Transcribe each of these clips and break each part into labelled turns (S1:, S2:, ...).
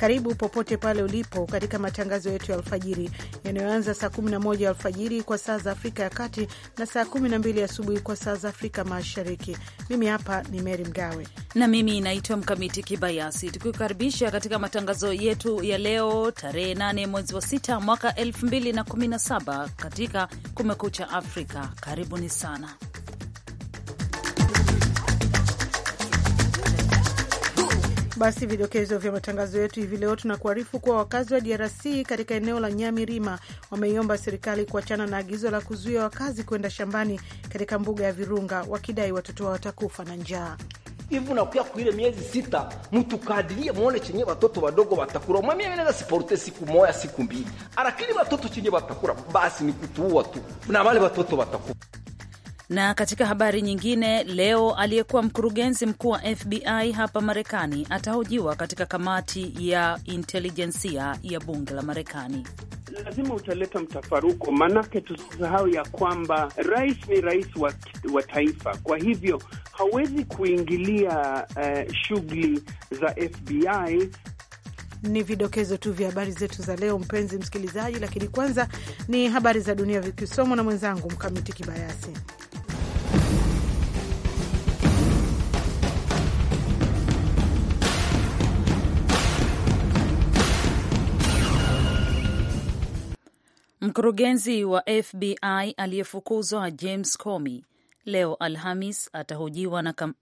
S1: Karibu popote pale ulipo katika matangazo yetu ya alfajiri yanayoanza saa 11 alfajiri kwa saa za Afrika ya Kati na saa 12 asubuhi kwa saa za Afrika Mashariki. Mimi hapa ni Meri Mgawe
S2: na mimi naitwa Mkamiti Kibayasi, tukikukaribisha katika matangazo yetu ya leo tarehe 8 mwezi wa 6 mwaka 2017 katika Kumekucha Afrika. Karibuni sana.
S1: Basi vidokezo vya matangazo yetu hivi leo, tunakuarifu kuwa wakazi wa DRC katika eneo la Nyamirima wameiomba serikali kuachana na agizo la kuzuia wakazi kwenda shambani katika mbuga ya Virunga, wakidai watoto wao watakufa na njaa
S3: hivi nakuya kuile miezi sita, mtu kadirie mwone chenye watoto wadogo watakura. Mwami anaweza siporte siku moya siku mbili, arakini watoto chenye watakura basi ni kutuua tu
S4: na wale watoto watakua
S2: na katika habari nyingine leo, aliyekuwa mkurugenzi mkuu wa FBI hapa Marekani atahojiwa katika kamati ya intelijensia ya bunge la Marekani.
S4: Lazima utaleta mtafaruko, maanake tusisahau ya kwamba rais ni rais wa, wa taifa. Kwa hivyo hawezi kuingilia uh, shughuli za FBI.
S1: Ni vidokezo tu vya habari zetu za leo, mpenzi msikilizaji, lakini kwanza ni habari za dunia vikisomwa na mwenzangu Mkamiti Kibayasi.
S2: Mkurugenzi wa FBI aliyefukuzwa James Comey leo Alhamis atahojiwa na kam...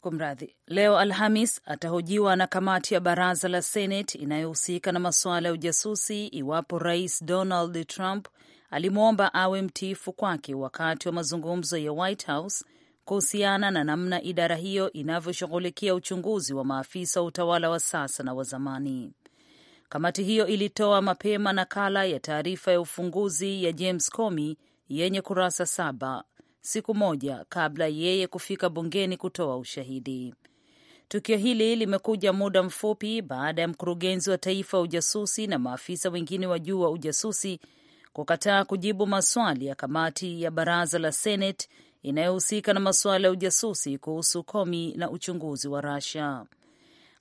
S2: Kumradhi, leo Alhamis atahojiwa na kamati ya baraza la Senate inayohusika na masuala ya ujasusi iwapo Rais Donald Trump alimwomba awe mtiifu kwake wakati wa mazungumzo ya White House kuhusiana na namna idara hiyo inavyoshughulikia uchunguzi wa maafisa wa utawala wa sasa na wa zamani. Kamati hiyo ilitoa mapema nakala ya taarifa ya ufunguzi ya James Comey yenye kurasa saba siku moja kabla yeye kufika bungeni kutoa ushahidi. Tukio hili limekuja muda mfupi baada ya mkurugenzi wa taifa wa ujasusi na maafisa wengine wa juu wa ujasusi kukataa kujibu maswali ya kamati ya baraza la Senate inayohusika na masuala ya ujasusi kuhusu Komi na uchunguzi wa rasia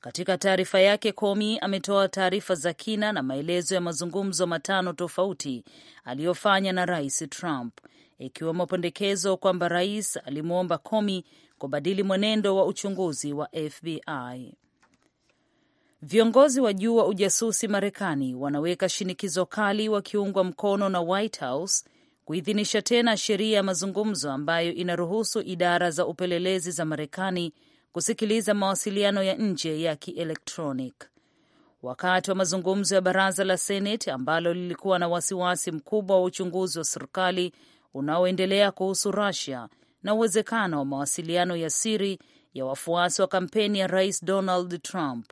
S2: katika taarifa yake, Komi ametoa taarifa za kina na maelezo ya mazungumzo matano tofauti aliyofanya na Rais Trump, ikiwemo pendekezo kwamba rais alimwomba Komi kubadili mwenendo wa uchunguzi wa FBI. Viongozi wa juu wa ujasusi Marekani wanaweka shinikizo kali wakiungwa mkono na White House kuidhinisha tena sheria ya mazungumzo ambayo inaruhusu idara za upelelezi za Marekani kusikiliza mawasiliano ya nje ya kielektronic Wakati wa mazungumzo ya baraza la Seneti ambalo lilikuwa na wasiwasi mkubwa wa uchunguzi wa serikali unaoendelea kuhusu Russia na uwezekano wa mawasiliano ya siri ya wafuasi wa kampeni ya Rais Donald Trump,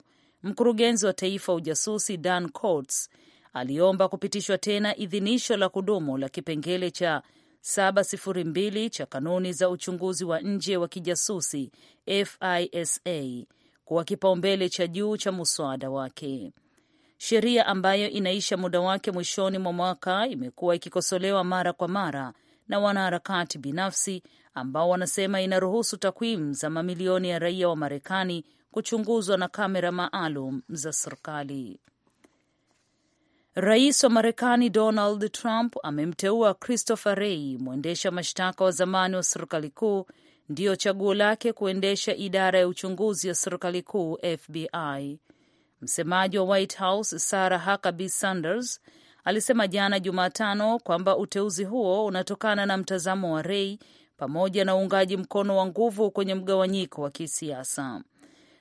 S2: mkurugenzi wa taifa ujasusi Dan Coats aliomba kupitishwa tena idhinisho la kudumu la kipengele cha 702 cha kanuni za uchunguzi wa nje wa kijasusi FISA kuwa kipaumbele cha juu cha muswada wake. Sheria ambayo inaisha muda wake mwishoni mwa mwaka imekuwa ikikosolewa mara kwa mara na wanaharakati binafsi ambao wanasema inaruhusu takwimu za mamilioni ya raia wa Marekani kuchunguzwa na kamera maalum za serikali. Rais wa Marekani Donald Trump amemteua Christopher Rey, mwendesha mashtaka wa zamani wa serikali kuu, ndiyo chaguo lake kuendesha idara ya uchunguzi ya serikali kuu FBI. Msemaji wa White House Sarah Huckabee Sanders alisema jana Jumatano kwamba uteuzi huo unatokana na mtazamo wa Rey pamoja na uungaji mkono wa nguvu kwenye mgawanyiko wa kisiasa.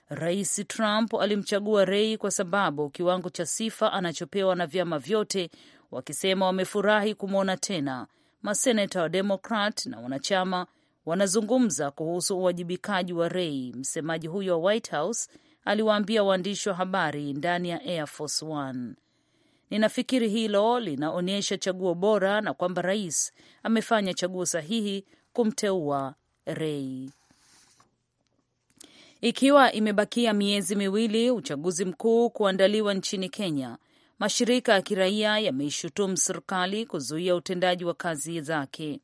S2: Rais Trump alimchagua Rei kwa sababu kiwango cha sifa anachopewa na vyama vyote, wakisema wamefurahi kumwona tena. Maseneta wa Demokrat na wanachama wanazungumza kuhusu uwajibikaji wa Rei. Msemaji huyo wa White House aliwaambia waandishi wa habari ndani ya Air Force One, ninafikiri hilo linaonyesha chaguo bora na kwamba rais amefanya chaguo sahihi kumteua Rei. Ikiwa imebakia miezi miwili uchaguzi mkuu kuandaliwa nchini Kenya, mashirika ya kiraia yameishutumu serikali kuzuia utendaji wa kazi zake.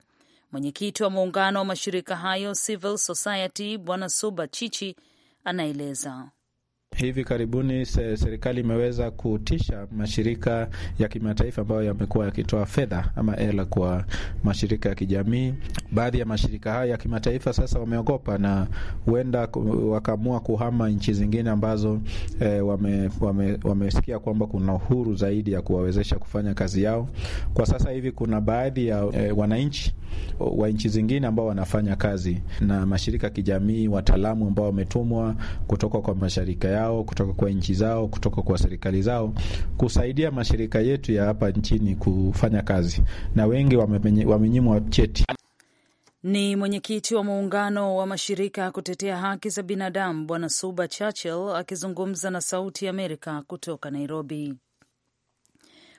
S2: Mwenyekiti wa muungano wa mashirika hayo Civil Society Bwana Suba Chichi anaeleza
S5: Hivi karibuni serikali imeweza kutisha mashirika ya kimataifa ambayo yamekuwa yakitoa fedha ama hela kwa mashirika ya kijamii. Baadhi ya mashirika haya ya kimataifa sasa wameogopa na huenda wakaamua kuhama nchi zingine ambazo e, eh, wamesikia wame, wame, kwamba kuna uhuru zaidi ya kuwawezesha kufanya kazi yao. Kwa sasa hivi kuna baadhi ya e, wananchi eh, wa nchi zingine ambao wanafanya kazi na mashirika ya kijamii, wataalamu ambao wametumwa kutoka kwa mashirika yao yao, kutoka kwa nchi zao, kutoka kwa serikali zao, kusaidia mashirika yetu ya hapa nchini kufanya kazi, na wengi wamenyimwa cheti.
S2: Ni mwenyekiti wa muungano wa mashirika ya kutetea haki za binadamu Bwana Suba Churchill akizungumza na Sauti ya Amerika kutoka Nairobi.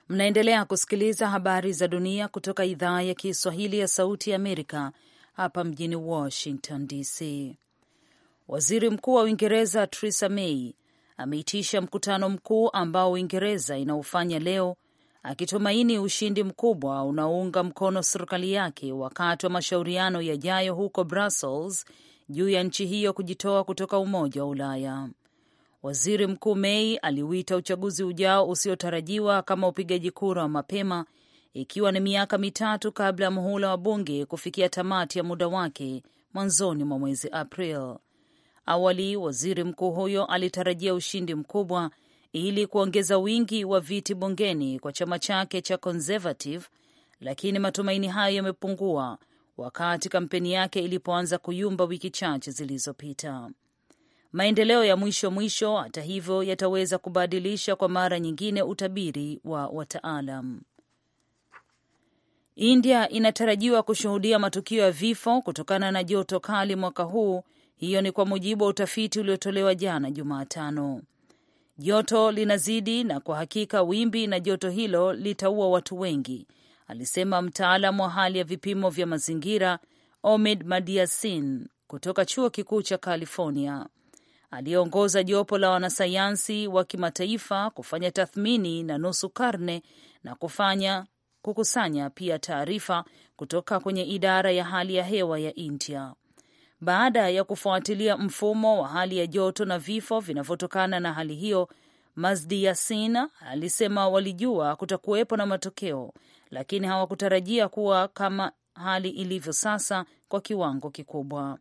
S2: Mnaendelea kusikiliza habari za dunia kutoka idhaa ya Kiswahili ya Sauti ya Amerika hapa mjini Washington DC. Waziri Mkuu wa Uingereza Theresa May ameitisha mkutano mkuu ambao Uingereza inaofanya leo akitumaini ushindi mkubwa unaounga mkono serikali yake wakati wa mashauriano yajayo huko Brussels juu ya nchi hiyo kujitoa kutoka Umoja wa Ulaya. Waziri Mkuu Mei aliuita uchaguzi ujao usiotarajiwa kama upigaji kura wa mapema, ikiwa ni miaka mitatu kabla ya muhula wa bunge kufikia tamati ya muda wake mwanzoni mwa mwezi April. Awali waziri mkuu huyo alitarajia ushindi mkubwa ili kuongeza wingi wa viti bungeni kwa chama chake cha Conservative, lakini matumaini hayo yamepungua wakati kampeni yake ilipoanza kuyumba wiki chache zilizopita. Maendeleo ya mwisho mwisho, hata hivyo, yataweza kubadilisha kwa mara nyingine utabiri wa wataalam. India inatarajiwa kushuhudia matukio ya vifo kutokana na joto kali mwaka huu hiyo ni kwa mujibu wa utafiti uliotolewa jana Jumatano. Joto linazidi na kwa hakika wimbi na joto hilo litaua watu wengi, alisema mtaalam wa hali ya vipimo vya mazingira Omid Madiasin kutoka chuo kikuu cha California aliyeongoza jopo la wanasayansi wa kimataifa kufanya tathmini na nusu karne na kufanya kukusanya pia taarifa kutoka kwenye idara ya hali ya hewa ya India baada ya kufuatilia mfumo wa hali ya joto na vifo vinavyotokana na hali hiyo. Mazdi Yasina alisema walijua kutakuwepo na matokeo, lakini hawakutarajia kuwa kama hali ilivyo sasa kwa kiwango kikubwa.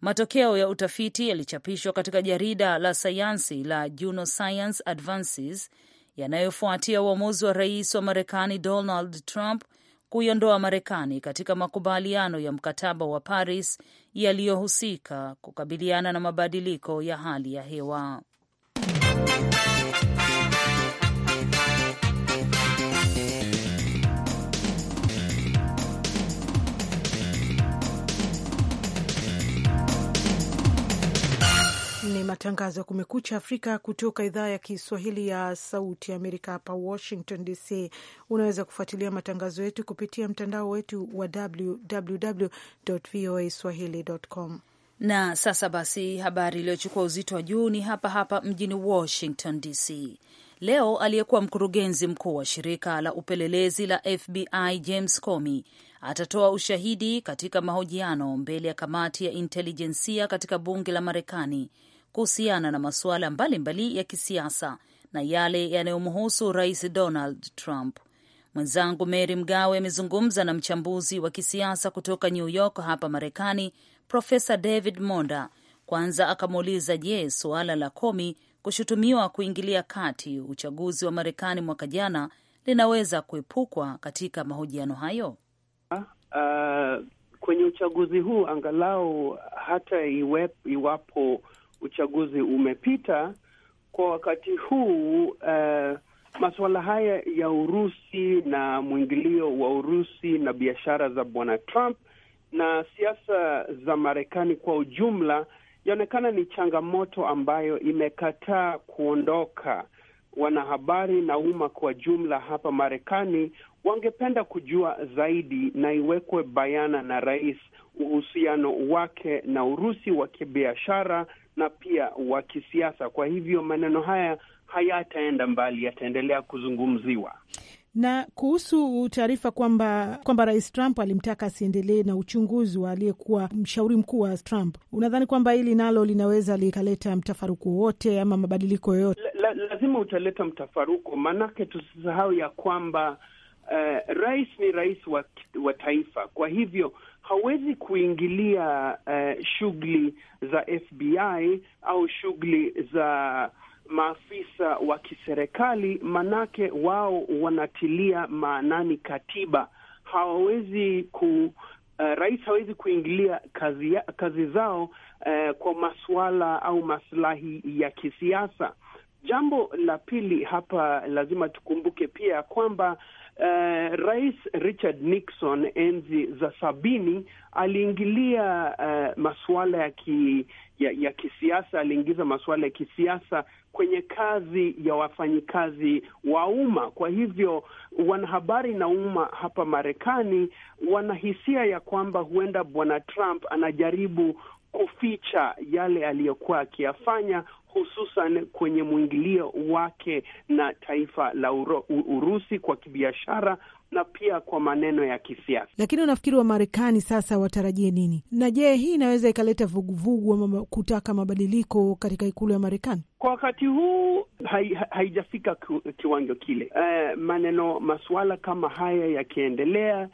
S2: Matokeo ya utafiti yalichapishwa katika jarida la sayansi la Juno Science Advances yanayofuatia uamuzi wa rais wa Marekani Donald Trump kuiondoa Marekani katika makubaliano ya mkataba wa Paris yaliyohusika kukabiliana na mabadiliko ya hali ya hewa.
S1: matangazo ya Kumekucha Afrika kutoka idhaa ya Kiswahili ya Sauti ya Amerika hapa Washington DC. Unaweza kufuatilia matangazo yetu kupitia mtandao wetu wa www voa swahili.com. Na
S2: sasa basi, habari iliyochukua uzito wa juu ni hapa hapa mjini Washington DC. Leo aliyekuwa mkurugenzi mkuu wa shirika la upelelezi la FBI James Comey atatoa ushahidi katika mahojiano mbele ya kamati ya intelijensia katika bunge la Marekani kuhusiana na masuala mbalimbali ya kisiasa na yale yanayomhusu Rais Donald Trump. Mwenzangu Mary Mgawe amezungumza na mchambuzi wa kisiasa kutoka New York hapa Marekani, Profesa David Monda. Kwanza akamuuliza je, suala la Komi kushutumiwa kuingilia kati uchaguzi wa Marekani mwaka jana linaweza kuepukwa katika mahojiano hayo.
S4: Uh, kwenye uchaguzi huu angalau hata iwep, iwapo uchaguzi umepita, kwa wakati huu uh, eh, masuala haya ya Urusi na mwingilio wa Urusi na biashara za bwana Trump na siasa za Marekani kwa ujumla yaonekana ni changamoto ambayo imekataa kuondoka. Wanahabari na umma kwa jumla hapa Marekani wangependa kujua zaidi na iwekwe bayana na rais uhusiano wake na Urusi wa kibiashara na pia wa kisiasa. Kwa hivyo maneno haya hayataenda mbali, yataendelea kuzungumziwa
S1: na kuhusu taarifa kwamba kwamba rais Trump alimtaka asiendelee na uchunguzi wa aliyekuwa mshauri mkuu wa Trump, unadhani kwamba hili nalo linaweza likaleta mtafaruku wowote ama mabadiliko yoyote? La, la, lazima
S4: utaleta mtafaruku, maanake tusisahau ya kwamba uh, rais ni rais wa, wa taifa. Kwa hivyo hawezi kuingilia uh, shughuli za FBI au shughuli za maafisa wa kiserikali, manake wao wanatilia maanani katiba. Hawawezi ku uh, rais hawezi kuingilia kazi, ya, kazi zao uh, kwa masuala au maslahi ya kisiasa. Jambo la pili hapa lazima tukumbuke pia kwamba Uh, Rais Richard Nixon enzi za sabini aliingilia uh, masuala ya, ki, ya, ya kisiasa, aliingiza masuala ya kisiasa kwenye kazi ya wafanyikazi wa umma. Kwa hivyo wanahabari na umma hapa Marekani wanahisia ya kwamba huenda Bwana Trump anajaribu kuficha yale aliyokuwa akiyafanya hususan kwenye mwingilio wake na taifa la uro, Urusi kwa kibiashara na pia kwa maneno ya kisiasa.
S1: Lakini unafikiri wa Marekani sasa watarajie nini? Na je, hii inaweza ikaleta vuguvugu ama kutaka mabadiliko katika ikulu ya Marekani?
S4: Kwa wakati huu haijafika hai kiwango kile. Uh, maneno masuala kama haya yakiendelea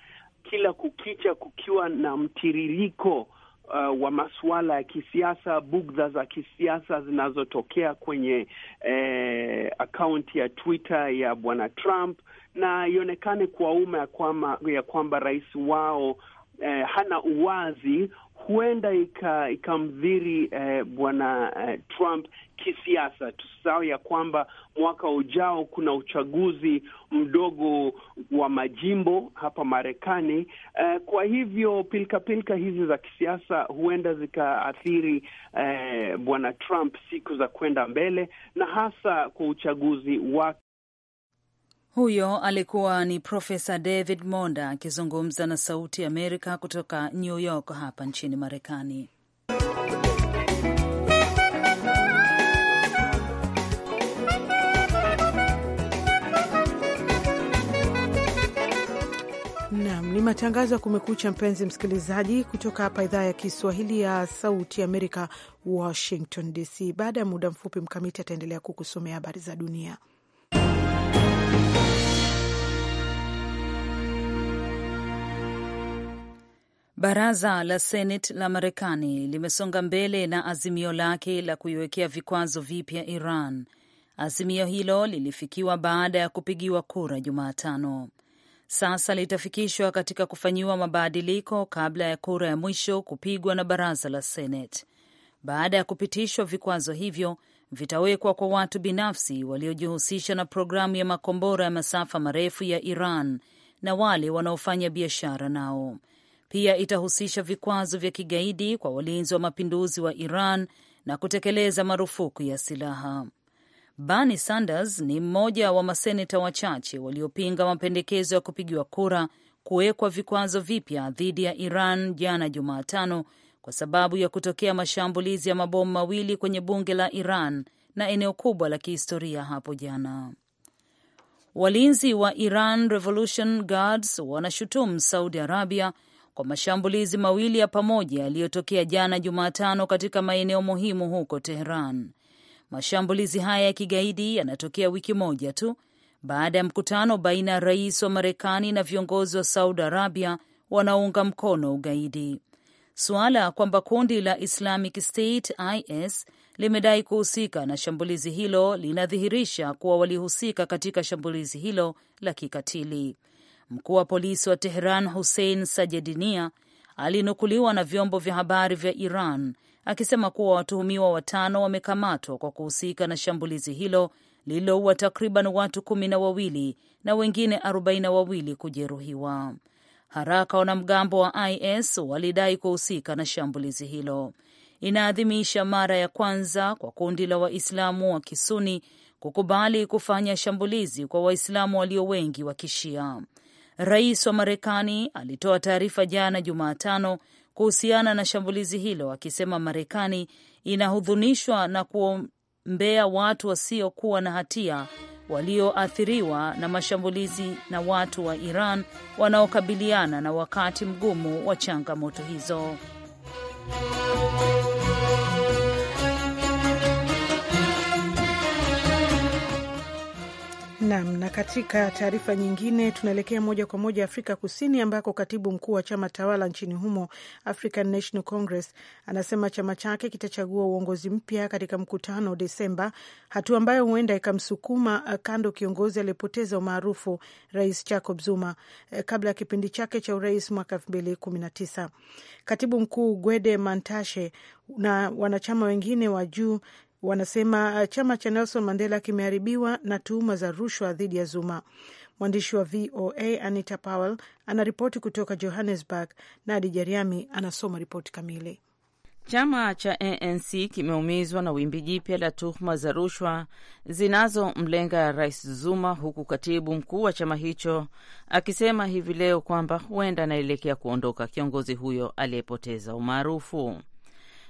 S4: kila kukicha, kukiwa na mtiririko uh, wa masuala ya kisiasa, bugdha za kisiasa zinazotokea kwenye eh, akaunti ya Twitter ya bwana Trump, na ionekane kwa umma ya kwamba ya kwamba rais wao eh, hana uwazi huenda ikamdhiri ika eh, bwana eh, Trump kisiasa. Tusisahau ya kwamba mwaka ujao kuna uchaguzi mdogo wa majimbo hapa Marekani. Eh, kwa hivyo pilkapilka hizi za kisiasa huenda zikaathiri eh, bwana Trump siku za kwenda mbele, na hasa kwa uchaguzi wake.
S2: Huyo alikuwa ni Profesa David Monda akizungumza na Sauti Amerika kutoka New York hapa nchini Marekani.
S1: Nam ni matangazo ya Kumekucha, mpenzi msikilizaji, kutoka hapa idhaa ya Kiswahili ya Sauti Amerika, Washington DC. Baada ya muda mfupi, Mkamiti ataendelea kukusomea habari za dunia.
S2: Baraza la Seneti la Marekani limesonga mbele na azimio lake la kuiwekea vikwazo vipya Iran. Azimio hilo lilifikiwa baada ya kupigiwa kura Jumatano sasa litafikishwa katika kufanyiwa mabadiliko kabla ya kura ya mwisho kupigwa na baraza la Seneti. Baada ya kupitishwa, vikwazo hivyo vitawekwa kwa watu binafsi waliojihusisha na programu ya makombora ya masafa marefu ya Iran na wale wanaofanya biashara nao. Pia itahusisha vikwazo vya kigaidi kwa walinzi wa mapinduzi wa Iran na kutekeleza marufuku ya silaha. Bernie Sanders ni mmoja wa maseneta wachache waliopinga mapendekezo ya kupigiwa kura kuwekwa vikwazo vipya dhidi ya Iran jana Jumatano kwa sababu ya kutokea mashambulizi ya mabomu mawili kwenye bunge la Iran na eneo kubwa la kihistoria hapo jana. Walinzi wa Iran Revolution Guards wanashutumu Saudi Arabia kwa mashambulizi mawili ya pamoja yaliyotokea jana Jumatano katika maeneo muhimu huko teheran Mashambulizi haya ya kigaidi yanatokea wiki moja tu baada ya mkutano baina ya rais wa Marekani na viongozi wa Saudi Arabia wanaounga mkono ugaidi. Suala kwamba kundi la Islamic State IS limedai kuhusika na shambulizi hilo linadhihirisha kuwa walihusika katika shambulizi hilo la kikatili. Mkuu wa polisi wa Tehran Hussein Sajedinia alinukuliwa na vyombo vya habari vya Iran akisema kuwa watuhumiwa watano wamekamatwa kwa kuhusika na shambulizi hilo lililoua takriban watu kumi na wawili na wengine arobaini na wawili kujeruhiwa. Haraka wanamgambo wa IS walidai kuhusika na shambulizi hilo. Inaadhimisha mara ya kwanza kwa kundi la Waislamu wa Kisuni kukubali kufanya shambulizi kwa Waislamu walio wengi wa Kishia. Rais wa Marekani alitoa taarifa jana Jumatano kuhusiana na shambulizi hilo, akisema Marekani inahudhunishwa na kuombea watu wasiokuwa na hatia walioathiriwa na mashambulizi na watu wa Iran wanaokabiliana na wakati mgumu wa changamoto hizo.
S1: Nam. Na katika taarifa nyingine, tunaelekea moja kwa moja Afrika Kusini, ambako katibu mkuu wa chama tawala nchini humo African National Congress anasema chama chake kitachagua uongozi mpya katika mkutano Desemba, hatua ambayo huenda ikamsukuma eh, kando kiongozi aliyepoteza umaarufu Rais Jacob Zuma eh, kabla ya kipindi chake cha urais mwaka elfu mbili kumi na tisa. Katibu mkuu Gwede Mantashe na wanachama wengine wa juu wanasema ah, chama cha Nelson Mandela kimeharibiwa na tuhuma za rushwa dhidi ya Zuma. Mwandishi wa VOA Anita Powell anaripoti kutoka Johannesburg na Adi Jariami anasoma ripoti kamili. Chama cha
S6: ANC kimeumizwa na wimbi jipya la tuhuma za rushwa zinazomlenga Rais Zuma, huku katibu mkuu wa chama hicho akisema hivi leo kwamba huenda anaelekea kuondoka kiongozi huyo aliyepoteza umaarufu.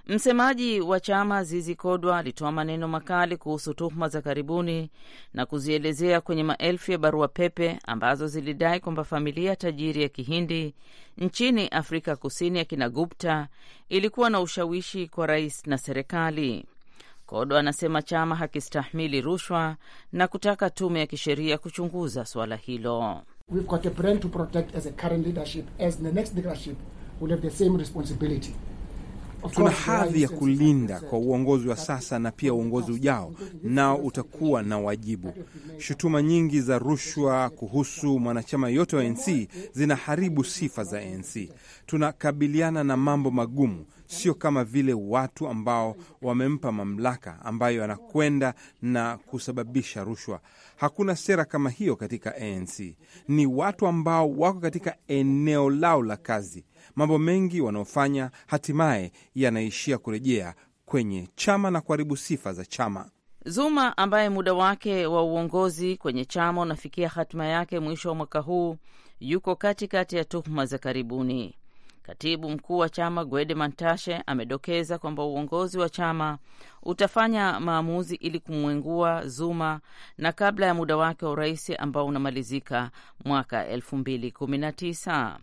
S6: Msemaji wa chama Zizi Kodwa alitoa maneno makali kuhusu tuhuma za karibuni na kuzielezea kwenye maelfu ya barua pepe ambazo zilidai kwamba familia tajiri ya Kihindi nchini Afrika Kusini ya kina Gupta ilikuwa na ushawishi kwa rais na serikali. Kodwa anasema chama hakistahimili rushwa na kutaka tume ya kisheria kuchunguza suala hilo.
S4: We've got a brand to protect as a current leadership,
S5: as the next leadership will have the same responsibility.
S6: Tuna hadhi ya
S4: kulinda kwa uongozi wa sasa na pia uongozi ujao, nao utakuwa na wajibu. Shutuma nyingi za rushwa kuhusu mwanachama yote wa ANC zinaharibu sifa za ANC. Tunakabiliana na mambo magumu, sio kama vile watu ambao wamempa mamlaka ambayo anakwenda na kusababisha rushwa. Hakuna sera kama hiyo katika ANC. Ni watu ambao wako katika eneo lao la kazi mambo mengi wanaofanya hatimaye yanaishia kurejea kwenye chama na kuharibu sifa za chama.
S6: Zuma ambaye muda wake wa uongozi kwenye chama unafikia hatima yake mwisho wa mwaka huu, yuko katikati kati ya tuhuma za karibuni. Katibu mkuu wa chama Gwede Mantashe amedokeza kwamba uongozi wa chama utafanya maamuzi ili kumwengua Zuma na kabla ya muda wake wa urais ambao unamalizika mwaka elfu mbili kumi na tisa.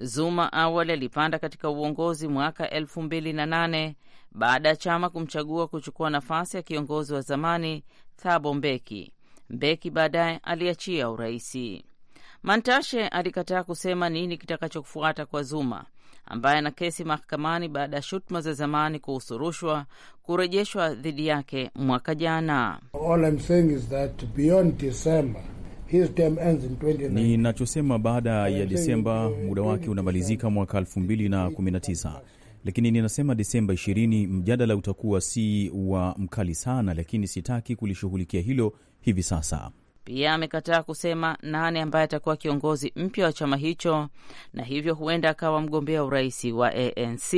S6: Zuma awali alipanda katika uongozi mwaka elfu mbili na nane baada ya chama kumchagua kuchukua nafasi ya kiongozi wa zamani Thabo Mbeki. Mbeki baadaye aliachia uraisi. Mantashe alikataa kusema nini kitakachofuata kwa Zuma ambaye ana kesi mahakamani baada ya shutuma za zamani kuhusu rushwa kurejeshwa dhidi yake mwaka jana.
S4: All I'm saying is that beyond December
S5: ninachosema baada ya
S6: Desemba,
S5: muda wake unamalizika mwaka 2019 lakini ninasema Desemba 20, mjadala utakuwa si wa mkali sana, lakini sitaki kulishughulikia hilo hivi sasa.
S6: Pia amekataa kusema nani ambaye atakuwa kiongozi mpya wa chama hicho, na hivyo huenda akawa mgombea urais wa ANC.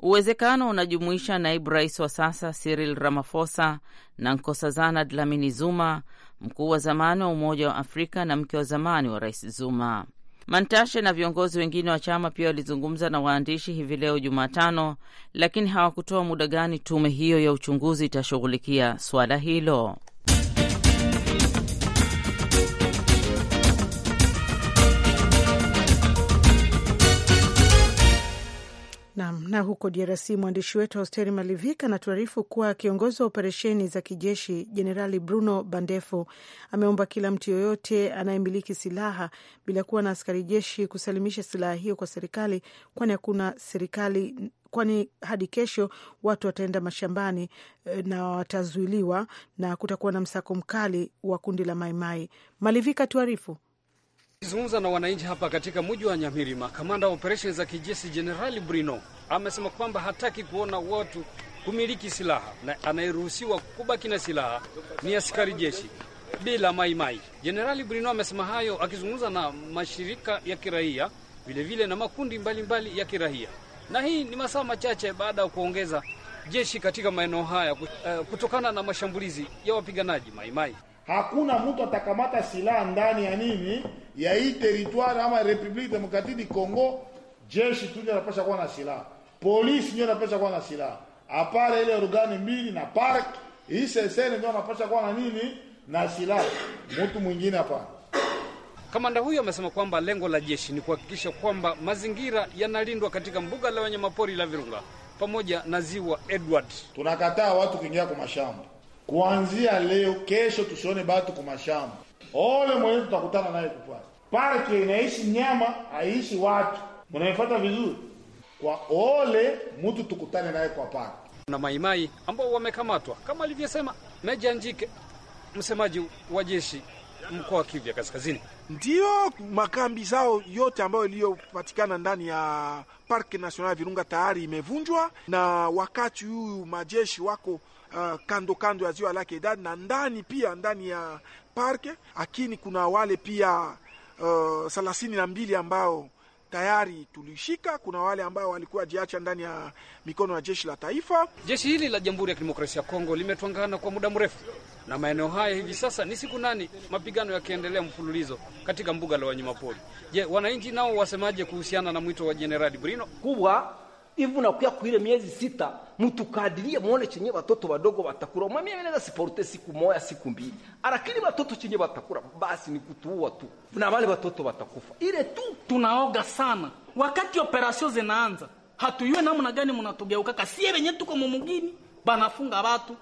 S6: Uwezekano unajumuisha naibu rais wa sasa Cyril Ramaphosa na Nkosazana Dlamini Zuma mkuu wa zamani wa Umoja wa Afrika na mke wa zamani wa Rais Zuma. Mantashe na viongozi wengine wa chama pia walizungumza na waandishi hivi leo Jumatano, lakini hawakutoa muda gani tume hiyo ya uchunguzi itashughulikia suala hilo.
S1: Nam. Na huko DRC, mwandishi wetu Hosteri Malivika anatuarifu kuwa kiongozi wa operesheni za kijeshi Jenerali Bruno Bandefo ameomba kila mtu yoyote anayemiliki silaha bila kuwa na askari jeshi kusalimisha silaha hiyo kwa serikali, kwani hakuna serikali kwani hadi kesho watu wataenda mashambani eh, na watazuiliwa na kutakuwa na msako mkali wa kundi la Maimai. Malivika tuarifu.
S7: Akizungumza na wananchi hapa katika mji wa Nyamirima, kamanda wa operesheni za kijeshi Jenerali Brino amesema kwamba hataki kuona watu kumiliki silaha na anayeruhusiwa kubaki na silaha ni askari jeshi bila maimai. Jenerali Brino amesema hayo akizungumza na mashirika ya kiraia vilevile na makundi mbalimbali mbali ya kiraia, na hii ni masaa machache baada ya kuongeza jeshi katika maeneo haya eh, kutokana na mashambulizi ya wapiganaji maimai mai
S3: hakuna mtu atakamata silaha ndani ya nini ya hii territoire ama Republique Democratique du Congo. Jeshi tu ndio anapasha kuwa na silaha, polisi ndio anapasha kuwa na silaha, apare ile organi mbili na park hii seseni ndio anapasha kuwa na nini na silaha, mtu mwingine hapana.
S7: Kamanda huyo amesema kwamba lengo la jeshi ni kuhakikisha kwamba mazingira yanalindwa katika mbuga la wanyamapori la Virunga pamoja na ziwa Edward.
S3: Tunakataa watu kuingia kwa mashamba kuanzia leo, kesho tusione batu kumashamba. Ole mwenye tutakutana naye kupwani. Parke inaishi nyama, haiishi
S7: watu. Unanifuata vizuri? Kwa ole
S3: mtu tukutane naye kwa parke.
S7: Na maimai ambao wamekamatwa kama alivyosema Meja Njike, msemaji wa jeshi mkoa wa Kivu Kaskazini.
S4: ndio makambi zao yote ambayo iliyopatikana ndani ya Parke National Virunga tayari imevunjwa, na wakati huu majeshi wako Euh, kando kando ya ziwa lake Edad na ndani pia ndani ya parke, lakini kuna wale pia uh, thelathini uh, na mbili ambao tayari tulishika. Kuna wale ambao walikuwa jiacha ndani ya mikono ya jeshi la taifa.
S7: Jeshi hili la Jamhuri ya Kidemokrasia ya Kongo limetwangana kwa muda mrefu na maeneo haya hivi sasa ni siku nani mapigano yakiendelea mfululizo katika mbuga la wanyamapori. Je, wananchi nao wasemaje kuhusiana na mwito wa Jenerali Brino kubwa hivi kuire miezi sita mutukadiria muone chenye watoto wadogo watakura. mwa mimi siporte siku moja siku mbili, lakini watoto chenye watakura basi ni kutuua tu, na wale watoto watakufa ile tu. Tunaoga sana wakati operasio zinaanza, hatuyue namna gani mnatugeuka. Kasi yenyewe tuko mumugini banafunga watu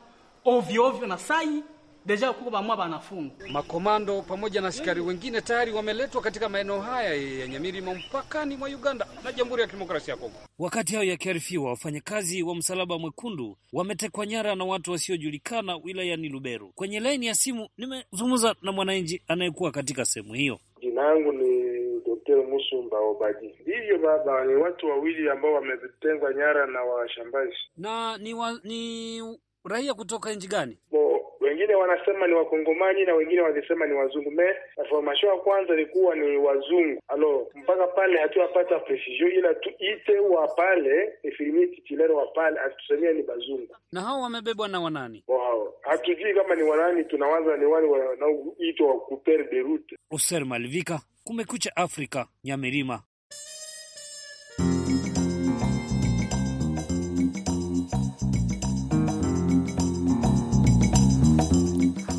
S7: ovyo ovyo na sai deja kuko bamwa banafungwa. Makomando pamoja na askari wengine tayari wameletwa katika maeneo haya ya Nyamirima mpakani mwa Uganda na Jamhuri ya Kidemokrasia ya Kongo. Wakati hayo yakiarifiwa, wafanyakazi wa Msalaba Mwekundu wametekwa nyara na watu wasiojulikana wilayani Lubero. Kwenye laini ya simu nimezungumza na mwananchi anayekuwa katika sehemu hiyo.
S4: Jina ni Dr. Musumba Obaji. Ndivyo baba, ni watu wawili ambao wametengwa nyara na washambazi. Na ni, wa, ni raia kutoka nchi gani? wengine wanasema ni wakongomani na wengine wanasema ni wazungu. Me information ya kwanza ilikuwa ni wazungu. Alo, mpaka pale hatuyapata precision, ila tu ite wa pale ifirimi titulaire wa pale atusemia ni bazungu.
S7: Na hao wamebebwa na wanani?
S4: Wao hatujui kama ni wanani, tunawaza ni wale wanaoitwa wa couper de route.
S7: Oser Malvika, Kumekucha Afrika, Nyamirima.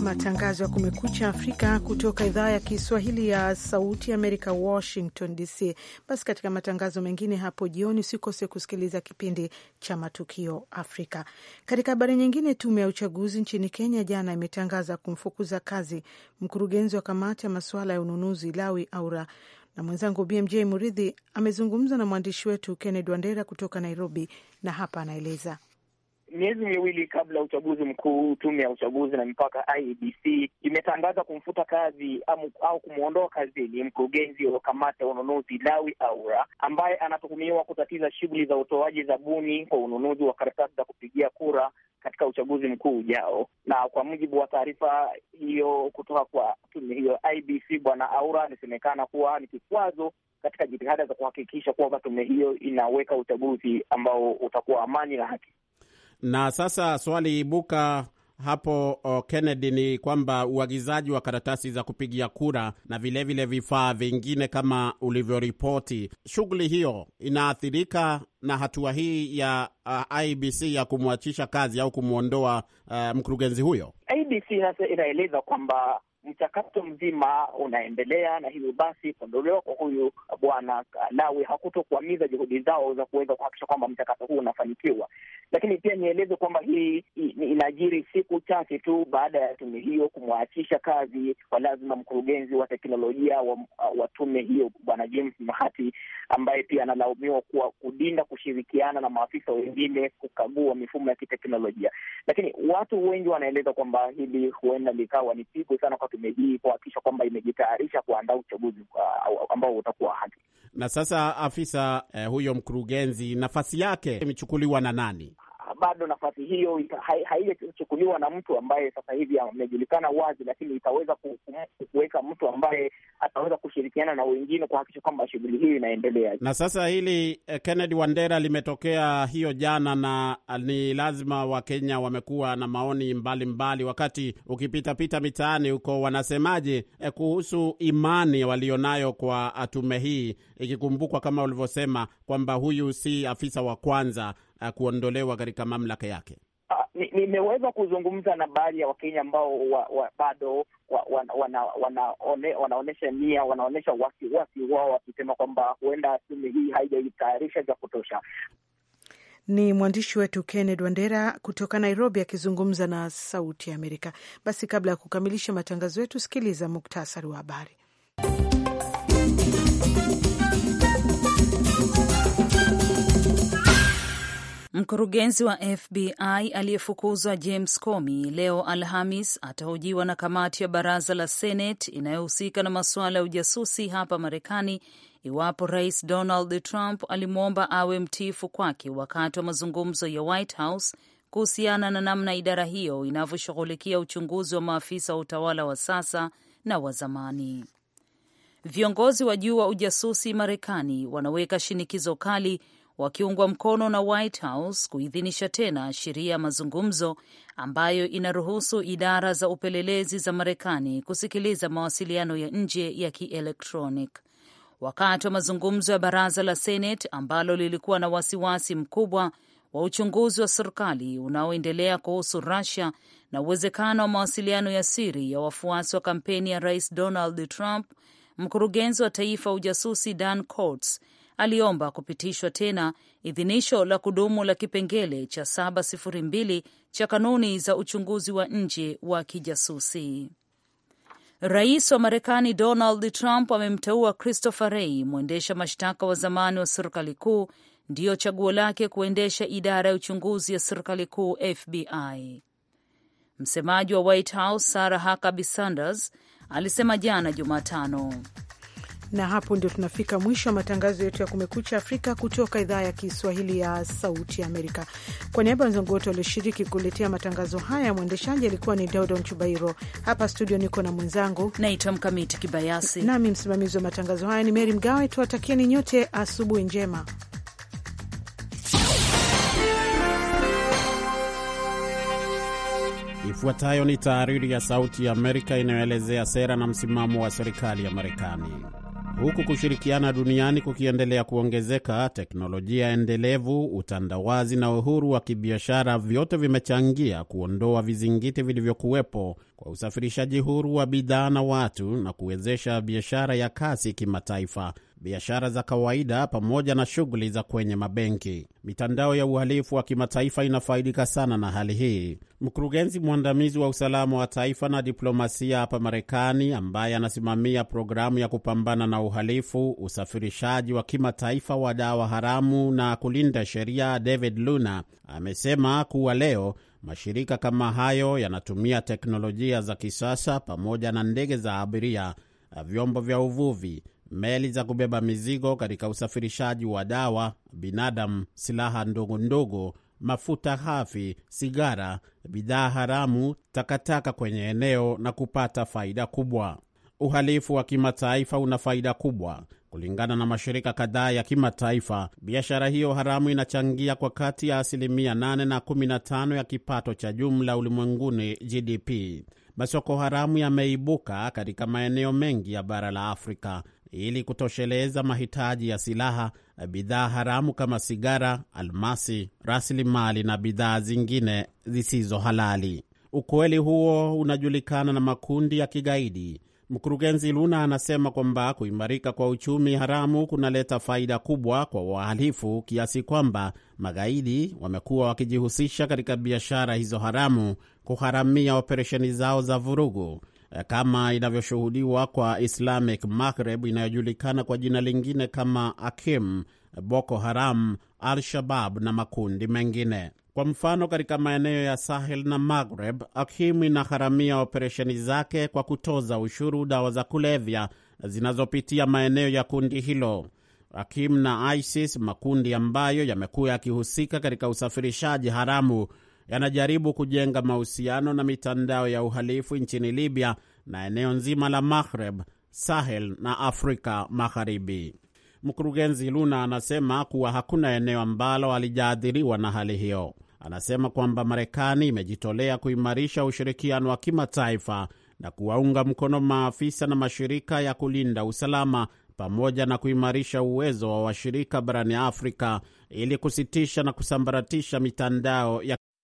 S1: Matangazo ya Kumekucha Afrika kutoka idhaa ya Kiswahili ya Sauti Amerika, Washington DC. Basi katika matangazo mengine hapo jioni, usikose kusikiliza kipindi cha Matukio Afrika. Katika habari nyingine, tume ya uchaguzi nchini Kenya jana imetangaza kumfukuza kazi mkurugenzi wa kamati ya masuala ya ununuzi Lawi Aura na mwenzangu BMJ Muridhi amezungumza na mwandishi wetu Kennedy Wandera kutoka Nairobi, na hapa anaeleza
S3: miezi miwili kabla ya uchaguzi mkuu, tume ya uchaguzi na mipaka IEBC imetangaza kumfuta kazi amu, au kumwondoa kazini mkurugenzi wa kamati ya ununuzi Lawi Aura ambaye anatuhumiwa kutatiza shughuli za utoaji zabuni kwa ununuzi wa karatasi za kupigia kura katika uchaguzi mkuu ujao. Na kwa mujibu wa taarifa hiyo kutoka kwa tume hiyo IBC, e bwana Aura anasemekana kuwa ni kikwazo katika jitihada za kuhakikisha kwamba tume hiyo inaweka uchaguzi ambao utakuwa amani na haki.
S5: Na sasa swali ibuka hapo Kennedy, ni kwamba uagizaji wa karatasi za kupigia kura na vilevile vifaa vingine kama ulivyoripoti, shughuli hiyo inaathirika na hatua hii ya uh, IBC ya kumwachisha kazi au kumwondoa uh, mkurugenzi huyo.
S3: IBC inaeleza kwamba mchakato mzima unaendelea, na hivyo basi kuondolewa kwa huyu bwana Lawi hakutokuamiza juhudi zao za kuweza kuhakikisha kwamba mchakato huu unafanikiwa. Lakini pia nieleze kwamba hii inajiri siku chache tu baada ya tume hiyo kumwachisha kazi kwa lazima mkurugenzi wa teknolojia wa, wa tume hiyo bwana James Mahati ambaye pia analaumiwa kuwa kudinda kushirikiana na maafisa wengine kukagua mifumo ya kiteknolojia. Lakini watu wengi wanaeleza kwamba hili huenda likawa ni pigo sana kwa tume kuhakikisha kwamba imejitayarisha kuandaa uchaguzi uh, ambao utakuwa haki.
S5: Na sasa afisa eh, huyo mkurugenzi, nafasi yake imechukuliwa na nani?
S3: Bado nafasi hiyo haijachukuliwa na mtu ambaye sasa hivi amejulikana wazi, lakini itaweza kuweka mtu ambaye ataweza kushirikiana na wengine kuhakikisha kwamba shughuli hiyo inaendelea.
S5: Na sasa hili eh, Kennedy Wandera limetokea hiyo jana, na ah, ni lazima Wakenya wamekuwa na maoni mbalimbali mbali. Wakati ukipitapita mitaani huko, wanasemaje eh, kuhusu imani walionayo kwa ah, tume hii, ikikumbukwa kama ulivyosema kwamba huyu si afisa wa kwanza ah, kuondolewa katika mamlaka yake
S3: nimeweza ni kuzungumza na baadhi ya Wakenya ambao wa, wa, bado wanaonyesha wana, wana nia wanaonyesha wasiwasi wao wakisema kwamba huenda tume hii haijaitayarisha vya kutosha.
S1: Ni mwandishi wetu Kenneth Wandera kutoka Nairobi akizungumza na Sauti ya Amerika. Basi kabla ya kukamilisha matangazo yetu, sikiliza muktasari wa habari.
S2: Mkurugenzi wa FBI aliyefukuzwa James Comey leo Alhamis atahojiwa na kamati ya baraza la Senate inayohusika na masuala ya ujasusi hapa Marekani iwapo Rais Donald Trump alimwomba awe mtiifu kwake wakati wa mazungumzo ya White House kuhusiana na namna idara hiyo inavyoshughulikia uchunguzi wa maafisa wa utawala wa sasa na wa zamani. Viongozi wa juu wa ujasusi Marekani wanaweka shinikizo kali wakiungwa mkono na White House kuidhinisha tena sheria ya mazungumzo ambayo inaruhusu idara za upelelezi za Marekani kusikiliza mawasiliano ya nje ya kielektronic. Wakati wa mazungumzo ya baraza la Senate ambalo lilikuwa na wasiwasi mkubwa wa uchunguzi wa serikali unaoendelea kuhusu Russia na uwezekano wa mawasiliano ya siri ya wafuasi wa kampeni ya Rais Donald Trump, mkurugenzi wa taifa ujasusi Dan Coats aliomba kupitishwa tena idhinisho la kudumu la kipengele cha 702 cha kanuni za uchunguzi wa nje wa kijasusi. Rais wa Marekani Donald Trump amemteua Christopher Rey, mwendesha mashtaka wa zamani wa serikali kuu, ndiyo chaguo lake kuendesha idara ya uchunguzi ya serikali kuu FBI. Msemaji wa White House Sarah Huckabee Sanders alisema jana Jumatano
S1: na hapo ndio tunafika mwisho wa matangazo yetu ya Kumekucha Afrika kutoka idhaa ya Kiswahili ya Sauti Amerika. Kwa niaba ya wenzangu wote walioshiriki kuletea matangazo haya, mwendeshaji alikuwa ni Dodon Chubairo. Hapa studio niko na mwenzangu naitwa Mkamiti Kibayasi, nami msimamizi wa matangazo haya ni Meri Mgawe. Tuwatakieni nyote asubuhi njema.
S5: Ifuatayo ni taariri ya Sauti ya Amerika inayoelezea sera na msimamo wa serikali ya Marekani. Huku kushirikiana duniani kukiendelea kuongezeka, teknolojia endelevu, utandawazi na uhuru wa kibiashara vyote vimechangia kuondoa vizingiti vilivyokuwepo kwa usafirishaji huru wa bidhaa na watu na kuwezesha biashara ya kasi kimataifa biashara za kawaida pamoja na shughuli za kwenye mabenki. Mitandao ya uhalifu wa kimataifa inafaidika sana na hali hii. Mkurugenzi mwandamizi wa usalama wa taifa na diplomasia hapa Marekani, ambaye anasimamia programu ya kupambana na uhalifu, usafirishaji wa kimataifa wa dawa haramu na kulinda sheria, David Luna amesema kuwa leo mashirika kama hayo yanatumia teknolojia za kisasa pamoja na ndege za abiria, vyombo vya uvuvi meli za kubeba mizigo katika usafirishaji wa dawa, binadamu, silaha ndogo ndogo, mafuta hafi sigara, bidhaa haramu, takataka kwenye eneo na kupata faida kubwa. Uhalifu wa kimataifa una faida kubwa. Kulingana na mashirika kadhaa ya kimataifa, biashara hiyo haramu inachangia kwa kati ya asilimia 8 na 15 ya kipato cha jumla ulimwenguni, GDP. Masoko haramu yameibuka katika maeneo mengi ya bara la Afrika ili kutosheleza mahitaji ya silaha, bidhaa haramu kama sigara, almasi, rasilimali na bidhaa zingine zisizo halali. Ukweli huo unajulikana na makundi ya kigaidi. Mkurugenzi Luna anasema kwamba kuimarika kwa uchumi haramu kunaleta faida kubwa kwa wahalifu kiasi kwamba magaidi wamekuwa wakijihusisha katika biashara hizo haramu kuharamia operesheni zao za vurugu. Eh, kama inavyoshuhudiwa kwa Islamic Maghreb inayojulikana kwa jina lingine kama Akim, Boko Haram, Al-Shabab na makundi mengine. Kwa mfano, katika maeneo ya Sahel na Maghreb, Akim inagharamia operesheni zake kwa kutoza ushuru dawa za kulevya zinazopitia maeneo ya kundi hilo. Akim na ISIS, makundi ambayo yamekuwa yakihusika katika usafirishaji haramu yanajaribu kujenga mahusiano na mitandao ya uhalifu nchini Libya na eneo nzima la Maghreb, Sahel na Afrika Magharibi. Mkurugenzi Luna anasema kuwa hakuna eneo ambalo alijaadhiriwa na hali hiyo. Anasema kwamba Marekani imejitolea kuimarisha ushirikiano wa kimataifa na kuwaunga mkono maafisa na mashirika ya kulinda usalama pamoja na kuimarisha uwezo wa washirika barani Afrika ili kusitisha na kusambaratisha mitandao ya